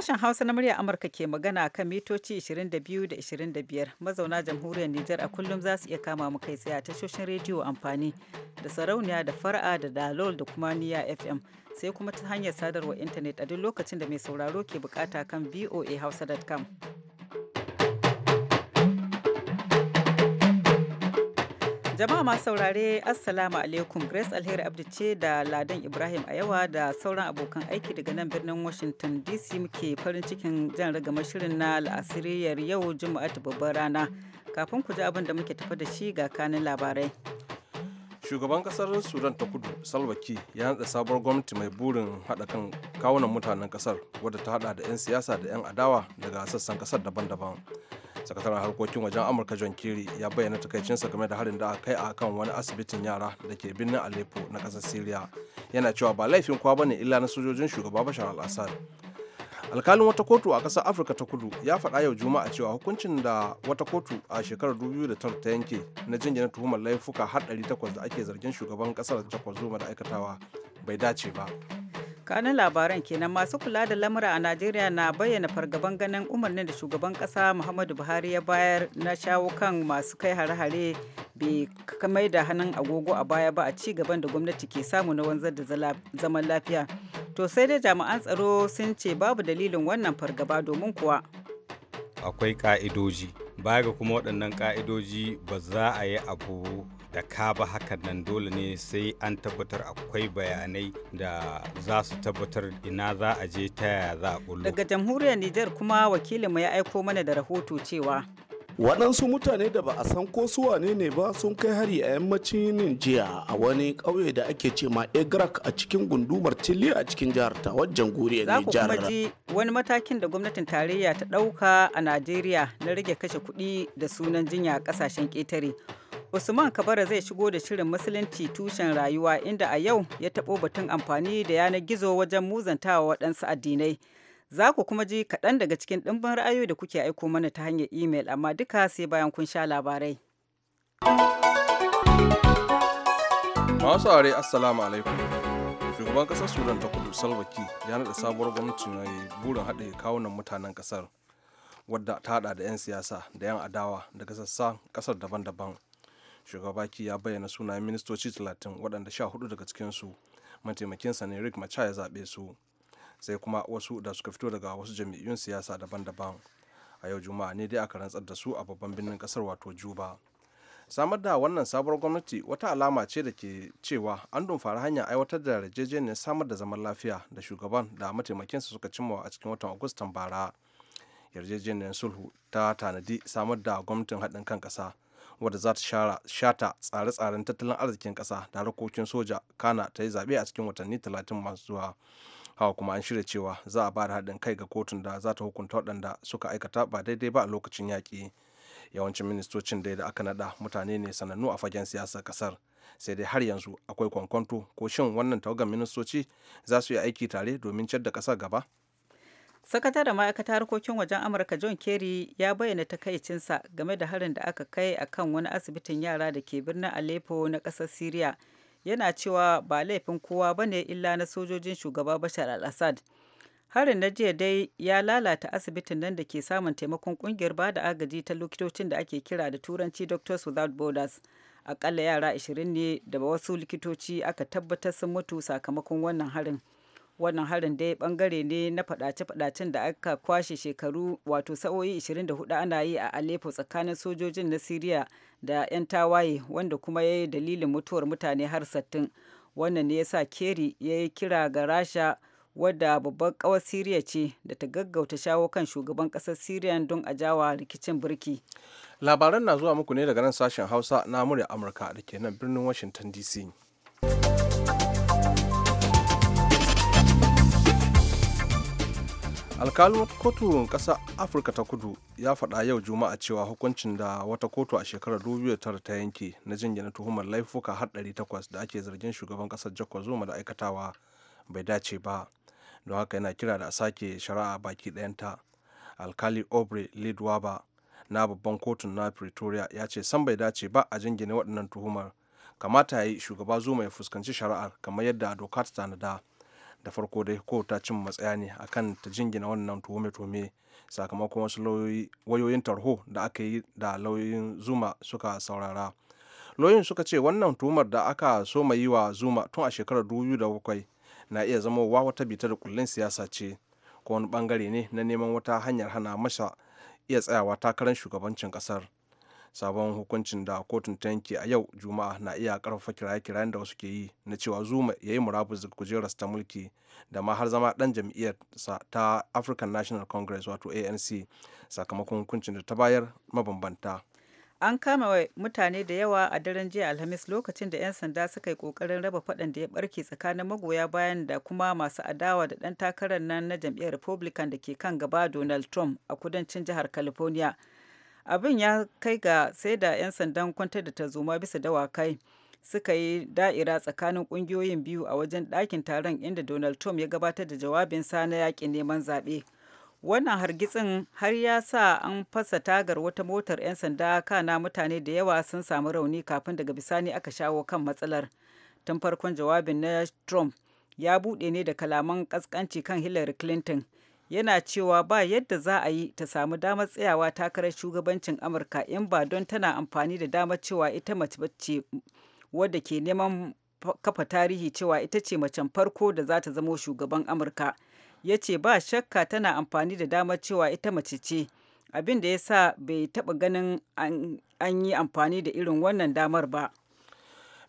Sashen Hausa na murya Amurka ke magana kan mitoci 22 da 25 mazauna jamhuriyar Nijar a kullum za su iya kama mu kai tsaye a tashoshin rediyo amfani da sarauniya da fara'a da dalol da kuma niya FM sai kuma ta hanyar sadarwar intanet a duk lokacin da mai sauraro ke bukata kan voahausa.com. Jama'a masu saurare Assalamu alaikum Grace Alheri Abdu ce da Ladan Ibrahim a yawa da sauran abokan aiki daga nan birnin Washington DC muke farin cikin jan ragamar shirin na la'asiriyar yau Juma'a ta babbar rana. Kafin ku ji abin da muke tafa da shi ga kanin labarai. Shugaban kasar Sudan ta kudu salwaki ya hantsa sabuwar gwamnati mai burin haɗa kan kawunan mutanen kasar wadda ta hada da 'yan siyasa da 'yan adawa daga sassan kasar daban-daban. sakataren harkokin wajen amurka john kiri ya bayyana takaicinsa game da harin da aka kai a kan wani asibitin yara da ke birnin aleppo na ƙasar syria yana cewa ba laifin kwa bane illa na sojojin shugaba bashar al-assad alkalin wata kotu a kasar afirka ta kudu ya faɗa yau juma'a cewa hukuncin da wata kotu a shekarar 2009 ta yanke na jingina tuhumar laifuka har ɗari takwas da ake zargin shugaban kasar takwas zuma da aikatawa bai dace ba kanan labaran kenan masu kula da lamura a najeriya na bayyana fargaban ganin umarnin da shugaban kasa muhammadu buhari ya bayar na shawo kan masu kai hare-hare bai kamai da hannun agogo a baya ba a ci gaban da gwamnati ke samu na wanzar da zaman lafiya to sai dai jami'an tsaro sun ce babu dalilin wannan fargaba domin kuwa akwai ka'idoji baya ga kuma waɗannan ka'idoji ba za a yi abu da ka ba hakan nan dole ne sai an tabbatar akwai bayanai da za su tabbatar ina za a je ta yaya za a bullo. Daga jamhuriyar Nijar kuma wakilinmu ya aiko mana da rahoto cewa. waɗansu mutane da ba a san ko su wane ne ba sun kai hari a yammacin jiya a wani ƙauye da ake ce ma Egrak a cikin gundumar Tili a cikin jihar ta wajen Nijar. Za ku kuma ji wani matakin da gwamnatin tarayya ta ɗauka a Najeriya na rage kashe kuɗi da sunan jinya a ƙasashen ƙetare. Usman Kabara zai shigo da shirin musulunci tushen rayuwa inda a yau ya taɓo batun amfani da yanar gizo wajen muzantawa waɗansu addinai. Za ku kuma ji kaɗan daga cikin ɗimbin ra'ayoyi da kuke aiko mana ta hanyar imel amma duka sai bayan kun sha labarai. Masu are Assalamu alaikum. Shugaban ƙasar Sudan ta kudu Salva ya naɗa sabuwar gwamnati na burin haɗe kawunan mutanen ƙasar wadda ta haɗa da 'yan siyasa da 'yan adawa daga sassan ƙasar daban-daban. shugaba ki ya bayyana sunayen ministoci 30 waɗanda 14 daga cikinsu mataimakinsa ne rick macha ya zaɓe su sai kuma wasu da suka fito daga wasu jami'un siyasa daban-daban a yau juma'a ne dai aka rantsar da su a babban birnin kasar wato juba samar da wannan sabuwar gwamnati wata alama ce da ke cewa an dumfara hanya aiwatar da yarjejeniyar samar da zaman lafiya da shugaban da mataimakinsa suka cimma a cikin watan agustan bara yarjejeniyar sulhu ta tanadi samar da gwamnatin haɗin kan ƙasa wadda za ta shata tsare-tsaren tattalin arzikin kasa da harkokin soja kana ta yi zaɓe a cikin watanni talatin masu zuwa hawa kuma an shirya cewa za a ba da haɗin kai ga kotun da za ta hukunta waɗanda suka aikata ba daidai ba a lokacin yaƙi yawancin ministocin da aka naɗa mutane ne sanannu a fagen siyasar ƙasar sai dai har yanzu akwai kwankwanto ko shin wannan tawagar ministoci za su yi aiki tare domin ciyar da ƙasar gaba sakataren ma'aikatar harkokin wajen amurka john kerry ya bayyana takaicinsa game da harin da aka kai a kan wani asibitin yara da ke birnin aleppo na ƙasar syria yana cewa ba laifin kowa ba ne illa na sojojin shugaba bashar al-assad harin na jiya dai ya lalata asibitin nan da ke samun taimakon kungiyar ba da agaji ta likitocin da ake kira da turanci doctors without borders akalla yara 20 ne da wasu likitoci aka tabbatar sun mutu sakamakon wannan harin wannan harin dai bangare ne na fadace-fadacen da aka kwashe shekaru wato sa'o'i 24 ana yi a Aleppo tsakanin sojojin na Siriya da 'yan tawaye wanda kuma ya yi dalilin mutuwar mutane har sattin wannan ne yasa keri ya yi kira ga Rasha wadda babbar kawar Siriya ce da ta gaggauta shawo kan shugaban kasar Siriya don a jawa rikicin birki. Labaran na zuwa muku ne daga nan sashen Hausa na murya Amurka da ke nan birnin Washington DC. alkalin kotun ƙasar afirka ta kudu ya faɗa yau juma'a cewa hukuncin da wata kotu a shekarar 2009 ta yanke na jingina tuhumar laifuka har ɗari takwas da ake zargin shugaban ƙasar jakwa zuma da aikatawa bai dace ba don haka yana kira da a sake shari'a baki ɗayanta alkali obre lidwaba na babban kotun na pretoria ya ce san bai dace ba a jingine waɗannan tuhumar kamata ya yi shugaba zuma ya fuskanci shari'ar kamar yadda doka ta tanada da farko dai ko ta cin matsaya ne akan ta jingina wannan tuhume-tuhume sakamakon wasu wayoyin tarho da aka yi da lauyoyin zuma suka saurara lauyoyin suka ce wannan tuhumar da aka so mai yi wa zuma tun a shekarar da 2007 na iya zama wa wata bita da kullun siyasa ce ko wani bangare ne na neman wata hanyar hana masa iya tsayawa takarar shugabancin kasar sabon hukuncin da kotun ta yanke a yau juma'a na iya karfafa kiraye-kirayen da wasu ke yi na cewa zuma ya yi murabus daga kujerarsa ta mulki da ma har zama dan jam'iyyarsa ta african national congress wato anc sakamakon hukuncin da ta bayar mabambanta an kama wa mutane da yawa a daren jiya alhamis lokacin da 'yan sanda suka yi kokarin raba faɗan da ya barke tsakanin magoya bayan da kuma masu adawa da ɗan takarar nan na jam'iyyar republican da ke kan gaba donald trump a kudancin jihar california abin ya kai ga sai da 'yan sandan kwantar da tarzoma bisa dawakai suka yi da'ira tsakanin kungiyoyin biyu a wajen ɗakin taron inda donald trump ya gabatar da jawabin sa na yakin neman zaɓe wannan hargitsin har ya sa an fasa tagar wata motar 'yan sanda kana mutane da yawa sun samu rauni kafin daga bisani aka shawo kan matsalar tun farkon jawabin na trump ya buɗe ne da kalaman ƙasƙanci kan hillary clinton yana cewa ba yadda za a yi ta samu damar tsayawa takarar shugabancin amurka in ba don tana amfani da damar cewa ita mace ce wadda ke neman kafa tarihi cewa ita ce macen farko da za ta zamo shugaban amurka ya ce ba shakka tana amfani da damar cewa ita mace ce abin da ya sa bai taba ganin an yi amfani da irin wannan damar ba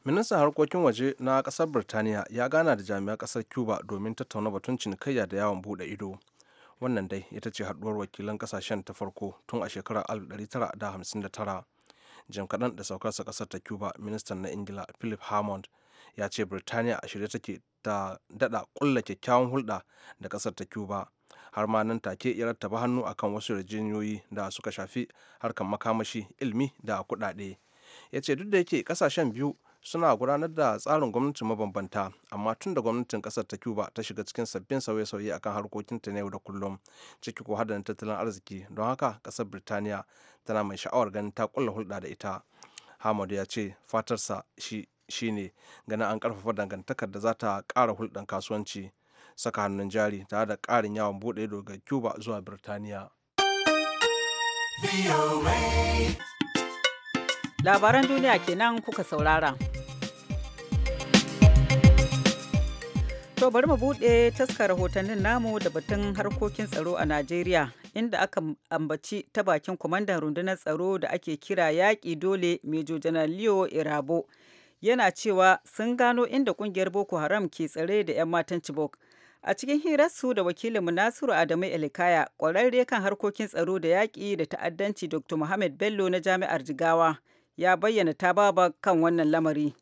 ministan harkokin waje na kasar birtaniya ya gana da jami'an kasar cuba domin tattauna batun cinikayya da yawon bude ido wannan dai ita ce haduwar wakilan kasashen ta farko tun a shekarar 1959 jim kaɗan da saukarsa ƙasar ta cuba ministan na ingila philip hammond ya ce birtaniya a shirye take ta daɗa ƙulla kyakkyawan hulɗa da ƙasar ta cuba har ma nan take ya rattaba hannu akan wasu yarjejeniyoyi da suka shafi harkar makamashi ilmi da kuɗaɗe ya ce duk da yake ƙasashen biyu suna gudanar da tsarin gwamnatin mabambanta amma tun da gwamnatin kasar ta cuba ta shiga cikin sabbin sauye-sauye a akan harkokinta na yau da kullum ciki ko hadarin tattalin arziki don haka kasar birtaniya tana mai sha'awar ganin ta kulla hulɗa da ita hamadu ya ce fatarsa shi shine ganin an karfafa dangantakar da za ta ƙara hulɗan kasuwanci saka hannun jari tare da ƙarin yawon buɗe daga cuba zuwa birtaniya Labaran duniya kenan kuka saurara. To bari mu buɗe taskar rahotannin namu da batun harkokin tsaro a Najeriya inda aka ambaci ta bakin kwamandan rundunar tsaro da ake kira yaƙi dole Mejo Janar Leo Irabo. Yana cewa sun gano inda ƙungiyar Boko Haram ke tsare da 'yan matan Chibok. A cikin hirarsu da wakilin Nasiru Adamu Elikaya, ƙwararre kan harkokin tsaro da yaƙi da ta'addanci Dr. Muhammad Bello na Jami'ar Jigawa ya bayyana ta baba kan wannan lamari.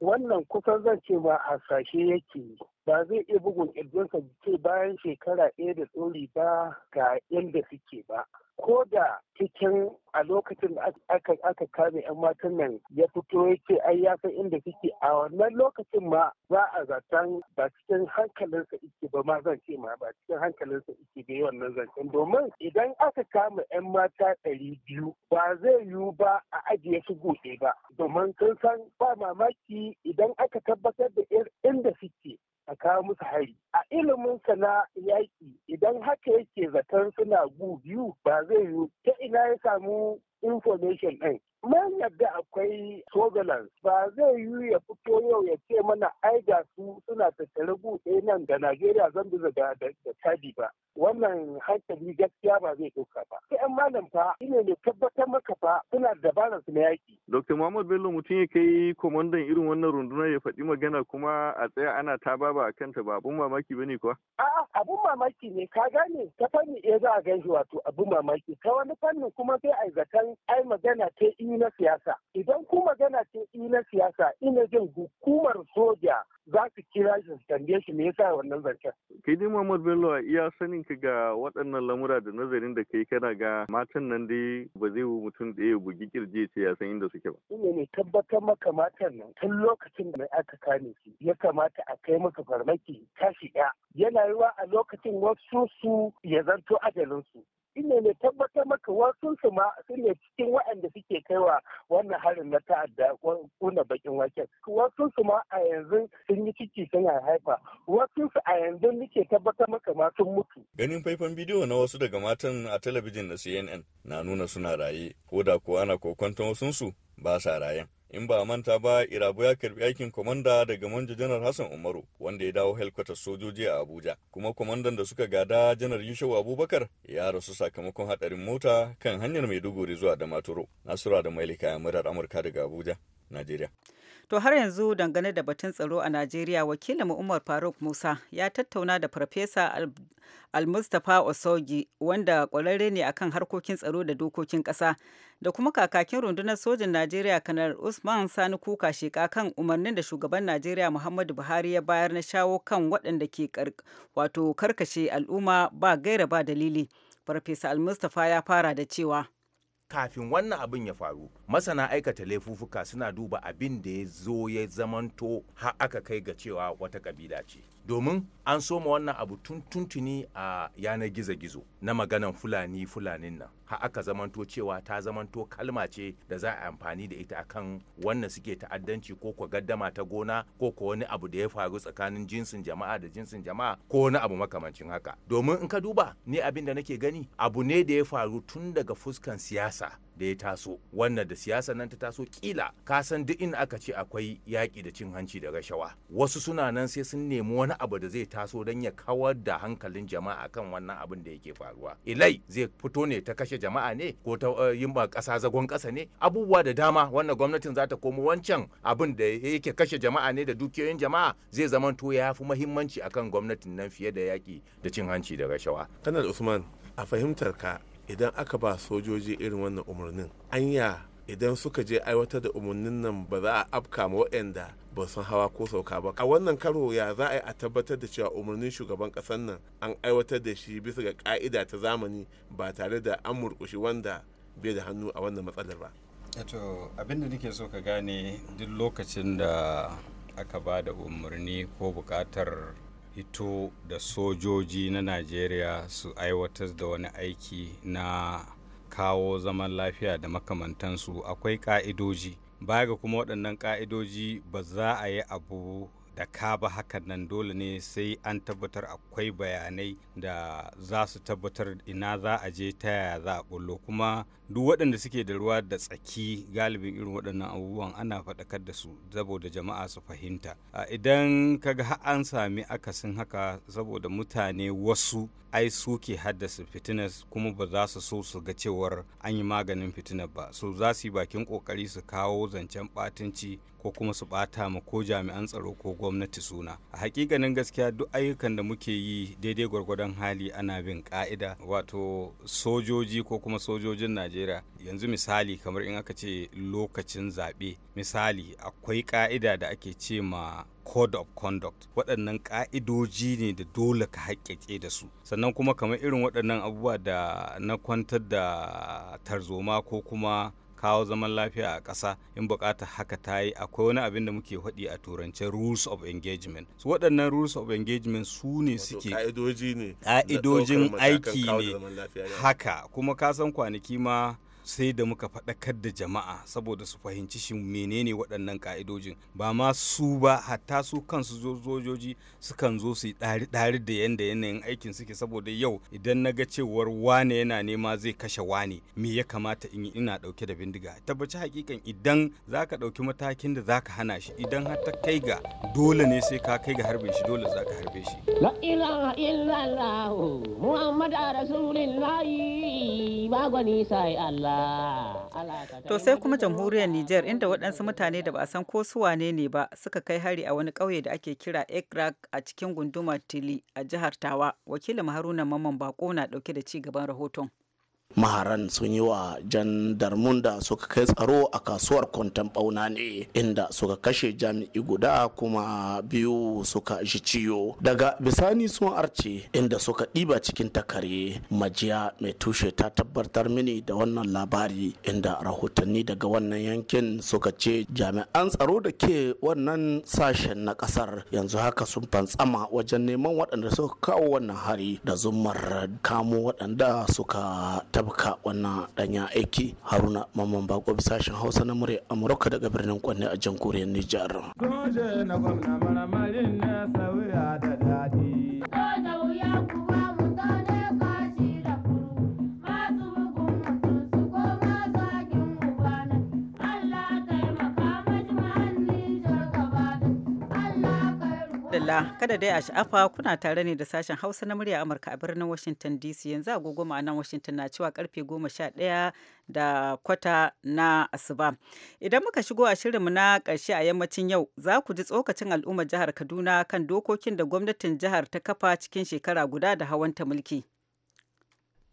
Wannan kusan zan ce ba a sashe yake ba zai iya bugun ƙirjinsa ce bayan shekara ɗaya da tsori ba ga yadda suke ba. ko da cikin a lokacin da aka kame 'yan matan nan ya fito ya ce ai ya san inda suke a wannan lokacin ma za a zaton ba cikin hankalinsa ike ba ma zan ce ma ba cikin hankalinsa ike bai wannan zancen domin idan aka kama 'yan mata ɗari biyu ba zai yiwu ba a ajiye su gobe ba domin sun san ba mamaki idan aka tabbatar da inda suke a kawo musu hari. A iliminsa na yaƙi idan haka yake zaton suna gu biyu ba zai yiwu ta ina ya samu information ɗin mun yadda akwai surveillance ba zai yi ya fito yau ya ce mana ai ga su suna tattare buɗe nan da Najeriya zan biza da tadi ba wannan hankali gaskiya ba zai ɗauka ba sai an malam fa ina ne tabbatar maka fa suna dabarar su na yaƙi. Dr. Muhammad Bello mutum ya kai komandan irin wannan runduna ya faɗi magana kuma a tsaya ana ta ba a kanta ba abun mamaki ba ne kuwa. A'a abun mamaki ne ka gane ta fanni ya za a gan shi wato abun mamaki ta wani fannin kuma sai a zaton ai magana ta yi. na siyasa idan ku magana ce i na siyasa ina jin hukumar soja za su kira shi su tambaye shi me yasa wannan zancen. Kai dai Muhammad Bello iya sanin ka ga waɗannan lamura da nazarin da kai kana ga matan nan dai ba zai wu mutum ɗaya bugi kirje ce ya san inda suke ba. Ina ne tabbatar maka matan nan tun lokacin da aka kame shi ya kamata a kai masa farmaki kashi ɗaya. Yana yiwa a lokacin wasu su ya zanto ajalinsu. shine ne tabbatar maka wasu su ma ne cikin waɗanda suke kaiwa wannan harin na ta'adda kuna bakin waken wasu su ma a yanzu sun yi ciki sun haifa wasu su a yanzu nake tabbatar maka ma sun mutu ganin faifan bidiyo na wasu daga matan a talabijin na CNN na nuna suna raye ko da ko ana wasu su ba sa rayen in ba manta ba irabu ya karbi aikin kwamanda daga manja janar hassan umaru wanda ya dawo helkwatar sojoji a abuja kuma kwamandan da suka gada janar yushau abubakar ya rasu sakamakon hadarin mota kan hanyar maiduguri zuwa da maturo nasura da mailika ya murar amurka daga abuja najeriya To har yanzu dangane da batun tsaro a Najeriya wakilin Umar Faruk Musa ya tattauna da Farfesa Almustapha Osogi wanda kwararre ne akan harkokin tsaro da dokokin ƙasa da kuma kakakin rundunar sojin Najeriya kanar Usman Sani Kuka sheka kan umarnin da shugaban Najeriya Muhammadu Buhari ya bayar na shawo kan waɗanda ke wato karkashe al'umma ba gaira ba dalili. Farfesa Almustapha ya fara da cewa. kafin wannan abin ya faru masana aikata laifufuka suna duba abin da ya zo ya zamanto har aka kai ga cewa wata kabila ce domin an soma wannan abu tun tuntuni a yanar gizo-gizo na maganan fulani fulanin nan har aka zamanto cewa ta zamanto kalma ce da za a amfani da ita akan wannan suke ta'addanci ko ko gaddama ta gona ko ko wani abu da ya faru tsakanin jinsin jama'a da jinsin jama'a ko wani abu makamancin haka domin in ka duba ni abin da nake gani abu ne da ya faru tun daga fuskan siyasa da ya taso wannan da siyasa nan ta taso kila ka san duk in aka ce akwai yaƙi da cin hanci da rashawa wasu suna nan sai sun nemi wani abu da zai taso don ya kawar da hankalin jama'a kan wannan abin da yake faruwa ilai zai fito ne ta kashe jama'a ne ko ta eh, yin ba ƙasa zagon ƙasa ne abubuwa da dama wannan gwamnatin za ta komo wancan abin da yake kashe jama'a ne da dukiyoyin jama'a zai zamanto ya fi muhimmanci akan gwamnatin nan fiye da yaƙi da cin hanci da rashawa. Kanar Usman a fahimtar ka idan aka ba sojoji irin wannan umarnin anya idan suka je aiwatar da umarnin nan ba za a afka ma waɗanda ba sun hawa ko sauka ba a wannan karo ya za a yi a tabbatar da cewa umarnin shugaban ƙasar nan an aiwatar da shi bisa ga ka'ida ta zamani ba tare da an murƙushi wanda bai da hannu a wannan matsalar ba to abinda nake so ka gane duk lokacin da aka ba da umarni ko bukatar. fito da sojoji na najeriya su aiwatar da wani aiki na kawo zaman lafiya da makamantansu akwai ka'idoji baya ga kuma waɗannan ka'idoji ba za a yi abu da ka ba hakan nan dole ne sai an tabbatar akwai bayanai da za su tabbatar ina za a je ta yaya za a bullo kuma duk waɗanda suke da ruwa da tsaki galibin irin waɗannan abubuwan ana faɗakar da su saboda jama'a su fahimta a idan kaga har an sami akasin haka saboda mutane wasu ai suke haddasa fitinas kuma ba za su so su ga cewar an yi maganin fitinar ba so za su yi bakin kokari su kawo zancen batinci ko kuma su bata ma ko jami'an tsaro ko gwamnati suna a hakikanin gaskiya duk ayyukan da muke yi daidai gwargwadon hali ana bin ka'ida wato sojoji ko kuma sojojin najeriya najeriya yanzu misali kamar in aka ce lokacin zaɓe misali akwai ƙa'ida da ake ce ma code of conduct waɗannan ƙa'idoji ne da dole ka haƙƙaƙe da su sannan kuma kamar irin waɗannan abubuwa da na kwantar da tarzoma ko kuma kawo zaman lafiya a ƙasa in bukata haka ta yi akwai wani abin da muke faɗi a turance rules of engagement su waɗannan rules of engagement su ne suke ƙa'idojin aiki ne haka kuma kasan kwanaki ma sai da muka faɗakar da jama'a saboda su fahimci shi menene waɗannan ka'idojin ba ma su ba hatta su kansu zojoji sukan zo su yi ɗari da yanda yanayin aikin suke saboda yau idan na ga cewar wane yana nema zai kashe wane me ya kamata in yi ina ɗauke da bindiga tabbaci hakikan idan za ka ɗauki matakin da za ka hana shi idan har ta kai ga dole ne sai ka kai ga harbe shi dole za ka harbe shi. La ilaha illallah Muhammad ba gwani sai Allah. To sai kuma jamhuriyar Nijar inda waɗansu mutane da ba a san ko su wane ne ba suka kai hari a wani ƙauye da ake kira Ekrak a cikin gundumar Tili a jihar Tawa. Wakilin Haruna mamman Bako na ɗauke da ci gaban rahoton. maharan sun yi wa jandarmun da suka kai tsaro a kasuwar kwantan bauna ne inda suka kashe jami'i guda kuma biyu suka ji ciyo daga bisani sun arce inda suka ɗiba cikin takare majiya mai tushe ta tabbatar mini da wannan labari inda rahotanni daga wannan yankin suka ce jami'an tsaro da ke wannan sashen na kasar yanzu haka sun fantsama wajen neman waɗanda suka kawo wannan hari da zumar kamo waɗanda suka tabka wannan danya aiki haruna mamman bako bisashen hausa na murya amurka daga birnin kwanne a jamhuriyar nijar. Kuje na na sauya da daɗi. madalla kada dai a sha'afa kuna tare ne da sashen hausa na murya amurka a birnin washington dc yanzu agogo ma'anan washington na cewa karfe 11 da kwata na asuba idan muka shigo a shirin mu na ƙarshe a yammacin yau za ku ji tsokacin al'ummar jihar kaduna kan dokokin da gwamnatin jihar ta kafa cikin shekara guda da hawanta mulki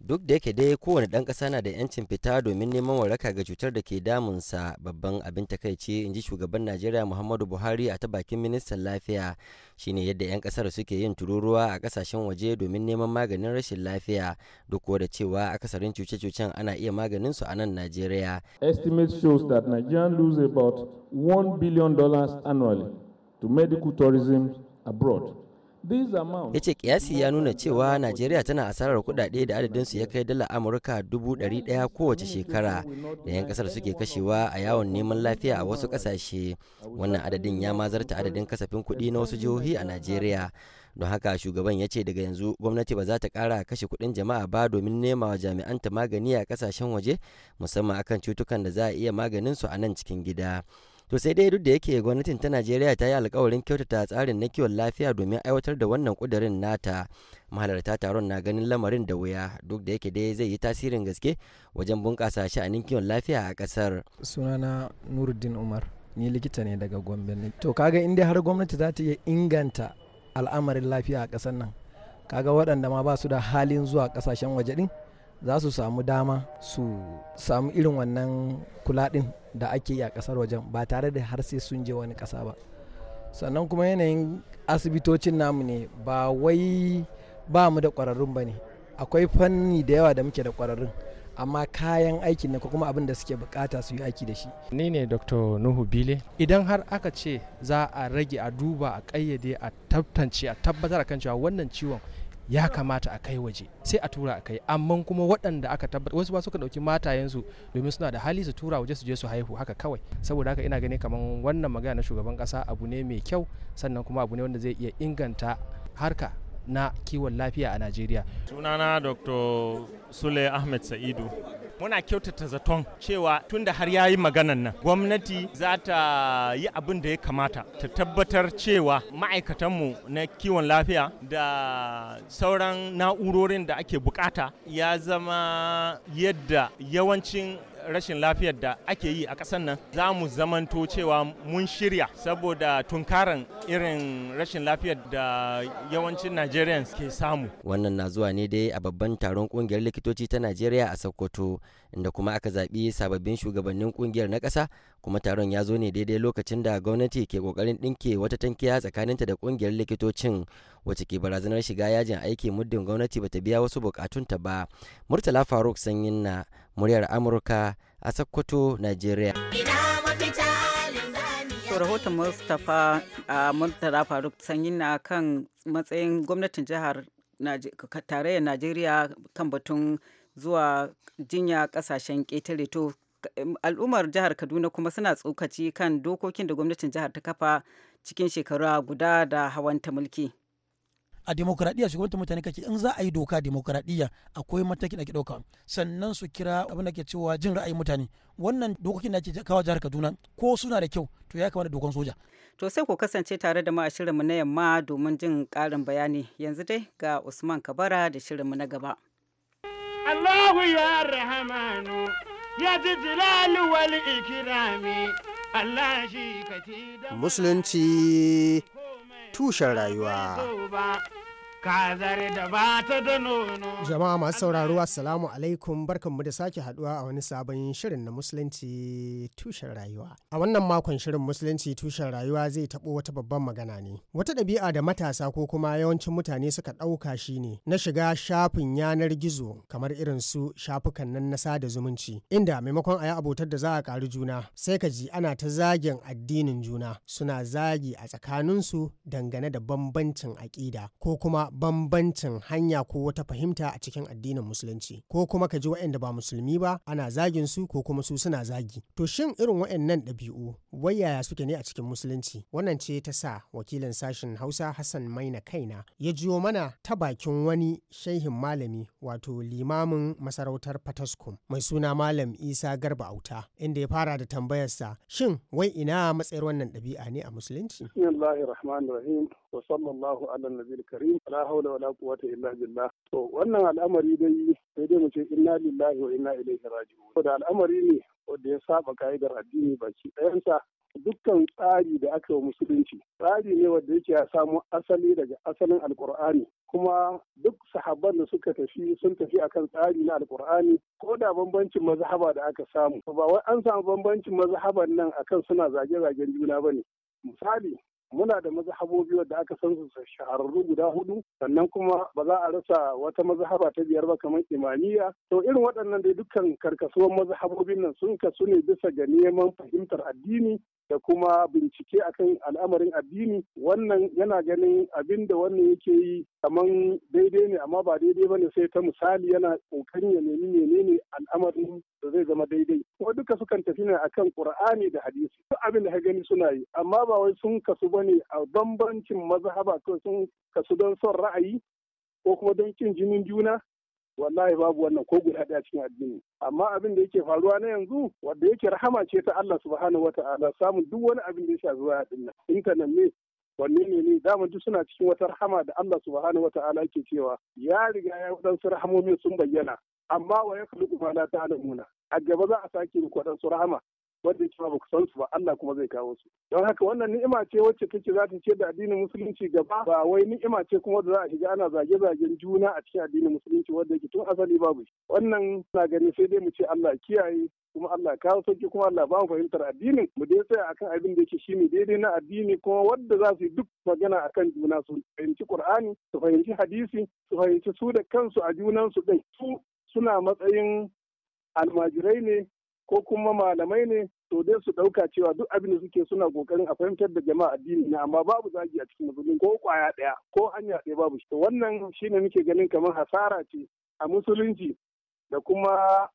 duk da yake dai kowane ɗan ƙasa na da 'yancin fita domin neman waraka ga cutar da ke damunsa babban abin takaici in ji shugaban najeriya muhammadu buhari a ta bakin ministan lafiya shine yadda 'yan ƙasar suke yin tururuwa a ƙasashen waje domin neman maganin rashin lafiya duk da cewa akasarin cuce-cucen ana iya maganin su a nan najeriya estimate shows that nigerians lose about 1 billion dollars annually to medical tourism abroad ya ce kiyasi ya nuna cewa najeriya tana asarar kudade da adadinsu ya kai dala amurka dubu ɗari ɗaya kowace shekara da 'yan kasar suke kashewa a yawon neman lafiya a wasu kasashe wannan adadin ya mazarta adadin kasafin kudi na wasu jihohi a najeriya don haka shugaban ya ce daga yanzu gwamnati ba za ta kara kashe kudin jama'a ba domin nema wa jami'anta magani a kasashen waje musamman akan cutukan da za a iya maganin su a nan cikin gida to sai dai duk da yake gwamnatin ta najeriya ta yi alkawarin kyautata tsarin na kiwon lafiya domin aiwatar da wannan kudirin nata mahalarta taron na ganin lamarin da wuya duk da yake dai zai yi tasirin gaske wajen bunƙasa sha'anin kiwon lafiya a ƙasar sunana nuruddin umar ni likita ne daga gombe to kaga inda har gwamnati za ta iya inganta al'amarin lafiya a kasar nan kaga waɗanda ma ba su da halin zuwa kasashen waje din za su samu dama su samu irin wannan kula ɗin da ake yi a ƙasar wajen ba tare da har sai sun je wani ƙasa ba sannan kuma yanayin asibitocin namu ne ba wai ba mu da ƙwararrun ba ne akwai fanni da yawa da muke da ƙwararrun amma kayan aikin ne ko kuma abin da suke bukata su yi aiki da shi. Ni ne Dr. Nuhu Bile. Idan har aka ce za a rage a duba a kayyade a tantance a tabbatar kan cewa wannan ciwon ya kamata a kai waje sai a tura a kai amma kuma waɗanda aka tabbata wasu ba suka ɗauki matayensu domin suna da hali su tura waje su je su haihu haka kawai saboda haka ina ganin kamar wannan magana na shugaban ƙasa abu ne mai kyau sannan kuma abu ne wanda zai iya inganta harka na kiwon lafiya a Najeriya. Sunana Dr. Sule Ahmed Sa'idu. Muna kyautata zaton cewa tun da har yayi maganan nan gwamnati za ta yi abin da ya kamata ta tabbatar cewa ma'aikatanmu na kiwon lafiya da sauran na'urorin da ake bukata ya zama yadda yawancin rashin lafiyar da ake yi a ƙasar nan za mu zamanto cewa mun shirya saboda tunkaran irin rashin lafiyar da yawancin Nigerians ke samu. Wannan na zuwa ne dai a babban taron kungiyar likitoci ta Najeriya a Sokoto inda kuma aka zaɓi sababbin shugabannin kungiyar na ƙasa kuma taron ya zo ne daidai lokacin da gwamnati ke kokarin dinke wata tankiya tsakaninta da kungiyar likitocin wacce ke barazanar shiga yajin aiki muddin gwamnati bata biya wasu bukatunta ba murtala faruk sanyin na muryar amurka a sokoto nigeria rahoton mustapha a murtala faruk sanyin na kan matsayin gwamnatin jihar tarayyar najeriya kan batun zuwa jinya kasashen ketare to Um, al'ummar jihar kaduna kuma suna tsokaci kan dokokin da gwamnatin jihar ta kafa cikin shekara guda da hawan ta mulki a demokradiyya gwamnatin mutane kake in za a yi doka demokradiyya akwai mataki da ake dauka sannan su kira abin da ke cewa jin ra'ayin mutane wannan dokokin da ake kawo jihar kaduna ko suna da kyau to ya kamata dokan soja to sai ku kasance tare da mu a shirinmu na yamma domin jin karin bayani yanzu dai ga usman kabara da shirinmu na gaba Allahu ya rahamanu ya ji jilali wal ikirami Allah shi ka musulunci tushen rayuwa Jama'a masu sauraro Assalamu alaikum barkanmu da sake haduwa a wani sabon shirin na Musulunci tushen rayuwa. A wannan makon shirin Musulunci tushen rayuwa zai taɓo wata babban magana ne. Wata ɗabi'a da matasa ko kuma yawancin mutane suka ɗauka shi ne na shiga shafin yanar gizo kamar irin su shafukan nan na sada zumunci inda maimakon a yi abotar da za a ƙari juna sai ka ji ana ta zagin addinin juna suna zagi a tsakaninsu dangane da bambancin aƙida ko kuma bambancin hanya ko wata fahimta a cikin addinin musulunci ko kuma ka ji waɗanda ba musulmi ba ana zagin su ko kuma su suna zagi to shin irin waɗannan ɗabi'u wai yaya suke ne a cikin musulunci wannan ce ta sa wakilin sashen hausa hassan maina kaina ya jiyo mana ta bakin wani shehin malami wato limamin masarautar fataskum mai suna malam isa garba auta inda ya fara da tambayarsa shin wai ina matsayar wannan ɗabi'a ne a musulunci wa sallallahu ala nabiyil karim la haula wala quwwata illa billah to wannan al'amari dai sai dai mu ce inna lillahi wa inna ilaihi raji'un to da al'amari ne wanda ya saba ka'idar addini baki ɗayansa dukkan tsari da aka yi musulunci tsari ne wanda yake ya samo asali daga asalin alkur'ani kuma duk sahabban da suka tafi sun tafi akan tsari na alkur'ani ko da bambancin mazhaba da aka samu ba wai an samu bambancin mazhaban nan akan suna zage-zagen juna ba ne, misali muna da mazhabobi wadda aka san su shahararru guda hudu sannan kuma ba za a rasa wata mazhaba ta biyar ba kamar imaniya to irin waɗannan dai dukkan karkasuwan mazhabobin nan sun kasu ne bisa ga neman fahimtar addini da kuma bincike akan al'amarin addini wannan yana ganin abin da wannan yake yi kamar daidai ne amma ba daidai ba ne sai ta misali yana kokarin ya nemi menene al'amarin da zai zama daidai kuma duka sukan tafi ne akan Ƙur'ani da hadisi duk abin da gani suna yi amma ba wai sun kasu ba ne a bambancin mazhaba ko sun kasu don son ra'ayi ko kuma don kin jinin juna wallahi babu wannan ko guda ɗaya cikin addini amma abin da yake faruwa na yanzu wanda yake rahama ce ta Allah subhanahu wataala samun duk wani abin da ya shafi waya din nan intanet ne wanne ne ne zamu duk suna cikin wata rahama da Allah subhanahu wataala yake cewa ya riga ya waɗansu rahamomi sun bayyana amma wa ya kalu ma la ta'lamuna a gaba za a sake ku waɗansu rahama wanda yake ba ku san su ba Allah kuma zai kawo su don haka wannan ni'ima ce wacce kake za ta ce da addinin musulunci gaba ba wai ni'ima ce kuma da za a shiga ana zage-zagen juna a cikin addinin musulunci wanda yake tun asali babu wannan na gani sai dai mu ce Allah kiyaye kuma Allah kawo sauki kuma Allah ba mu fahimtar addinin mu dai tsaya akan abin da yake shine daidai na addini kuma wanda za su yi duk magana akan juna su fahimci Qur'ani su fahimci hadisi su fahimci su da kansu a junan su din su suna matsayin almajirai ne ko kuma malamai ne to dai su dauka cewa duk abin da suke suna kokarin a fahimtar da jama'a addini ne amma babu zagi a cikin musulmi ko kwaya daya ko hanya daya babu shi to wannan shine muke ganin kamar hasara ce a musulunci da kuma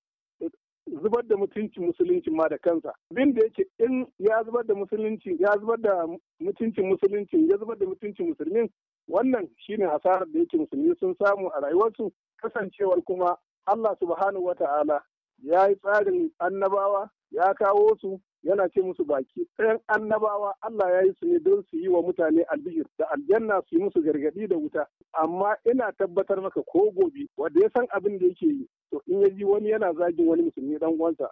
zubar da mutuncin musulunci ma da kansa abin da yake in ya zubar da musulunci ya zubar da mutuncin musulunci ya zubar da mutuncin musulmin wannan shine hasarar da yake musulmi sun samu a rayuwarsu kasancewar kuma Allah subhanahu wata'ala ya yi tsarin annabawa ya kawo su yana ce musu baki ɗayan annabawa Allah ya yi su ne don su yi wa mutane albihir da aljanna su yi musu gargaɗi da wuta amma ina tabbatar maka ko gobe wanda ya san abin da yake yi to in ya ji wani yana zagin wani musulmi dan uwansa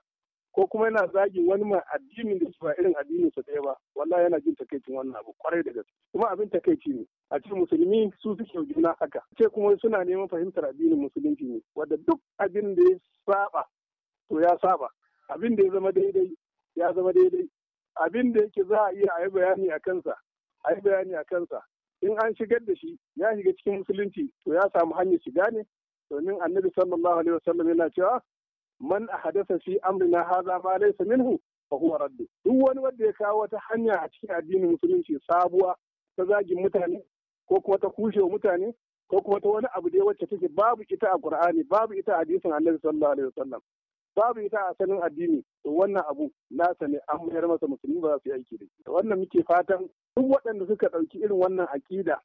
ko kuma yana zagin wani mai addinin da ba irin addinin sa ɗaya ba wallahi yana jin takaicin wannan abu kwarai da gaske kuma abin takaici ne a ce musulmi su suke juna haka ce kuma suna neman fahimtar addinin musulunci ne wanda duk abin da ya saba to ya saba abin da ya zama daidai ya zama daidai abin da yake za a iya a yi bayani a kansa a yi bayani a kansa in an shigar da shi ya shiga cikin musulunci to ya samu hanyar shiga ne domin annabi sallallahu alaihi wasallam yana cewa man ahadasa fi amrina hadha ma laysa minhu fa huwa radd duk wani wanda ya kawo wata hanya a cikin addinin musulunci sabuwa ta zagin mutane ko kuma ta kushewa mutane ko kuma ta wani abu dai wacce take babu ita a Qur'ani babu ita a hadisin Annabi sallallahu alaihi wasallam babu ita a sanin addini to wannan abu nasa ne an mayar masa musulmi ba za su yi aiki da shi wannan muke fatan duk waɗanda suka ɗauki irin wannan aƙida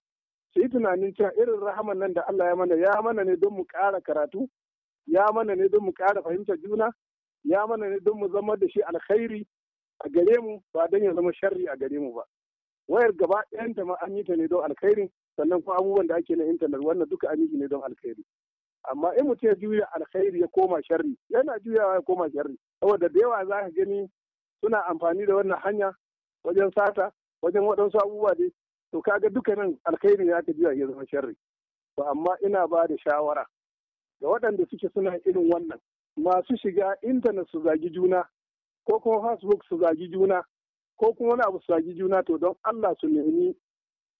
su yi tunanin cewa irin rahaman nan da Allah ya mana ya mana ne don mu ƙara karatu ya mana ne don mu ƙara fahimtar juna ya mana ne don mu zama da shi alkhairi a gare mu ba don ya zama sharri a gare mu ba wayar gaba ɗayanta ma an yi ta ne don alkhairi sannan kuma abubuwan da ake na intanet wannan duka an yi ne don alkhairi amma in mutum ya juya alkhairi ya koma sharri yana juyawa ya koma sharri saboda da yawa za ka gani suna amfani da wannan hanya wajen sata wajen waɗansu abubuwa dai to kaga dukkanin alkhairi ya ka juya ya zama sharri to amma ina ba da shawara ga waɗanda suke suna irin wannan masu shiga intanet su zagi juna ko kuma facebook su zagi juna ko kuma wani abu su zagi juna to don allah su nemi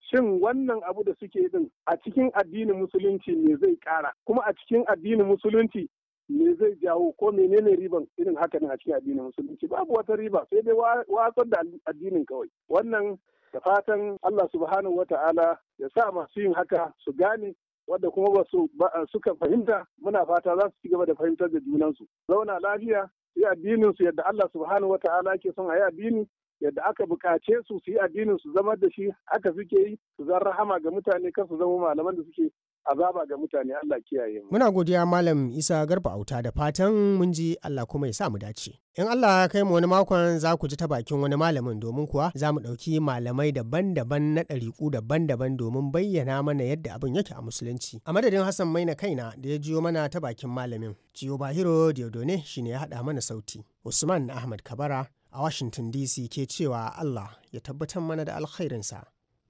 shin wannan abu da suke din a cikin addinin musulunci ne zai kara kuma a cikin addinin musulunci me zai jawo ko menene riban irin haka a cikin addinin musulunci babu wata riba sai dai watsar da addinin kawai wannan da fatan Allah subhanahu wata'ala ya sa masu yin haka su gane wadda kuma ba su suka fahimta muna fata za su ci gaba da fahimtar da junansu zauna lafiya yi addinin su yadda Allah subhanahu wata'ala ke son a yi addini yadda aka bukace su su yi addinin su zama da shi aka suke yi su zan rahama ga mutane kan su zama malaman da suke azaba ga mutane Allah kiyaye mu. Muna godiya Malam Isa Garba Auta da fatan mun ji Allah kuma ya sa mu dace. In Allah ya kai mu wani makon za ku ji ta bakin wani malamin domin kuwa za mu ɗauki malamai daban-daban na ɗariƙu daban-daban domin bayyana mana yadda abin yake a musulunci. A madadin Hassan na kaina da ya jiyo mana ta bakin malamin. Ciyo Bahiro Diodone shine ya haɗa mana sauti. Usman Ahmad Kabara a Washington DC ke cewa Allah ya tabbatar mana da alkhairinsa.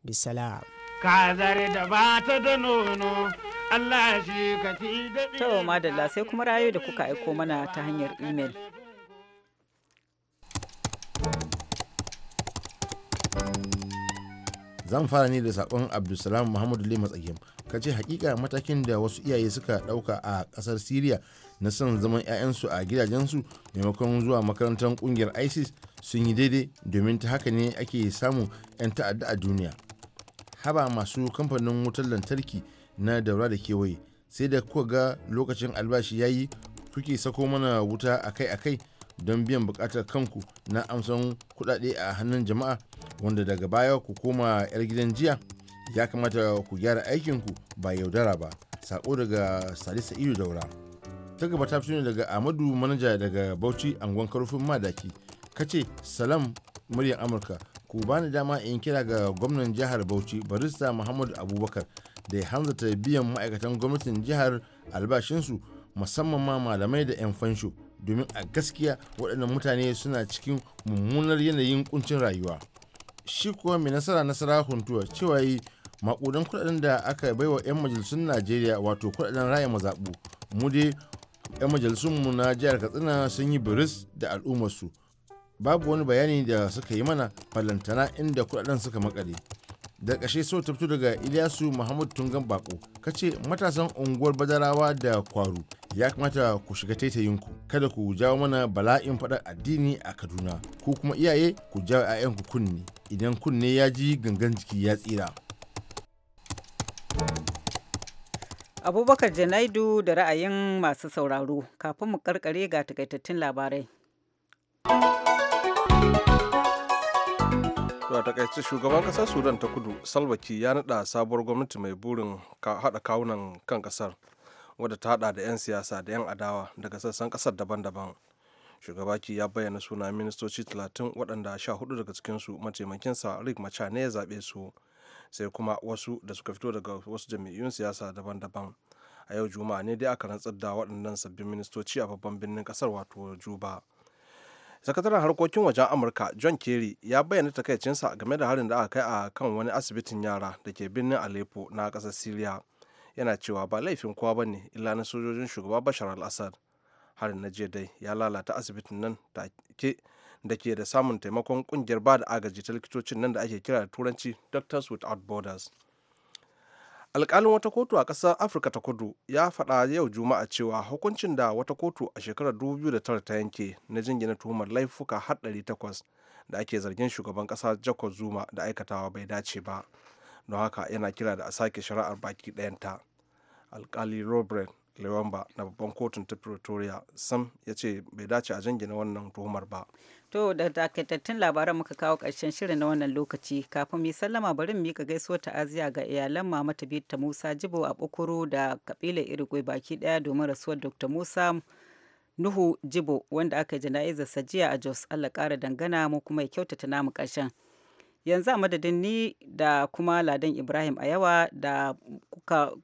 bisala. Kazar da ba ta da nono, Allah shi ka ci da To, madalla sai kuma rayu da kuka aiko mana ta hanyar imel. zan fara ne da sakon abdulsalam muhammadu lima tsakiyam ka ce hakika matakin da wasu iyaye suka dauka a kasar syria na son zaman 'ya'yansu a gidajensu maimakon zuwa makarantar kungiyar isis sun yi daidai domin ta haka ne ake samun 'yan ta'adda a duniya haba masu kamfanin wutar lantarki na daura da kewaye sai da kuka ga lokacin albashi yayi yi kuke sako mana wuta akai-akai don biyan bukatar kanku na amsan kudade a hannun jama'a wanda daga baya ku koma 'yar gidan jiya ya kamata ku gyara aikinku ba yaudara ba sako daga salisa iyo daura ta gaba ta fito ne daga amadu manaja daga bauchi angon karfin madaki kace salam muryar amurka ku bani dama in kira ga gwamnan jihar bauchi barista muhammadu abubakar da ya hanzarta biyan ma'aikatan gwamnatin jihar albashinsu musamman ma malamai da 'yan fansho domin a gaskiya waɗannan mutane suna cikin mummunar yanayin kuncin rayuwa shi kuwa mai nasara nasara huntuwa cewa yi makudan kudaden da aka baiwa 'yan majalisun najeriya wato kudaden raya mazaɓu mu dai 'yan mu na jihar katsina sun yi biris da al'ummarsu babu wani bayani da suka yi mana falantana inda kudaden suka makare da ƙashe so ta fito daga ilyasu muhammad tungan bako ka ce matasan unguwar badarawa da kwaru ya kamata ku shiga taitayinku kada ku jawo mana bala'in faɗar addini a kaduna ko kuma iyaye ku jawo 'ya'yanku kunne idan kunne ya ji gangan jiki ya tsira abubakar janaidu da ra'ayin masu sauraro kafin mu karkare ga takaitattun labarai to a takaice shugaban kasar sudan ta kudu salwaki ya nada sabuwar gwamnati mai burin hada kawunan kan kasar wadda ta hada da 'yan siyasa da 'yan adawa daga sassan kasar daban-daban shugabaki ya bayyana suna ministoci 30 waɗanda 14 daga cikinsu mataimakinsa rick macha ne ya zaɓe su sai kuma wasu da suka fito daga wasu jami'un siyasa daban-daban a yau juma'a ne dai aka rantsar da waɗannan sabbin ministoci a babban birnin ƙasar wato juba sakataren harkokin wajen amurka john kerry ya bayyana takaicinsa game da harin da aka kai a kan wani asibitin yara da ke birnin aleppo na ƙasar syria yana cewa ba laifin kowa ba ne illa na sojojin shugaba bashar al-assad harin na jiya dai ya lalata asibitin nan da ke da samun taimakon kungiyar ba da agaji ta likitocin nan da ake kira da turanci doctors without borders alkalin wata kotu a ƙasar afirka ta kudu ya faɗa yau juma'a cewa hukuncin da wata kotu a shekarar 2009 ta yanke na jingina tuhumar laifuka har 800 da ake zargin shugaban ƙasa jacob zuma da aikatawa bai dace ba don haka yana kira da a sake shari'ar baki ɗayanta alkali robert lewamba na babban kotun ta pretoria sam ya ce bai dace a jingina wannan tuhumar ba To da takaitattun labaran muka kawo ƙarshen shirin na wannan lokaci kafin mu sallama bari mu mika gaisuwar ta'aziya ga iyalan Mama ta Musa Jibo a Bukuru da kabilar Irigwe baki daya domin rasuwar Dr. Musa Nuhu Jibo wanda aka jana'izar sajiya a Jos Allah ƙara dangana mu kuma ya kyautata namu karshen. yanzu a madadin ni da kuma ladan ibrahim a yawa da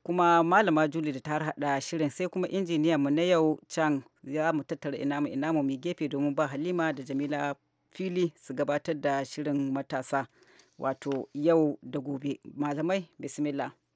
kuma malama juli da ta hada shirin sai kuma injiniyan mu na yau can ya mu tattara inamu inamu mai gefe domin ba halima da jamila fili su gabatar da shirin matasa wato yau da gobe malamai bismillah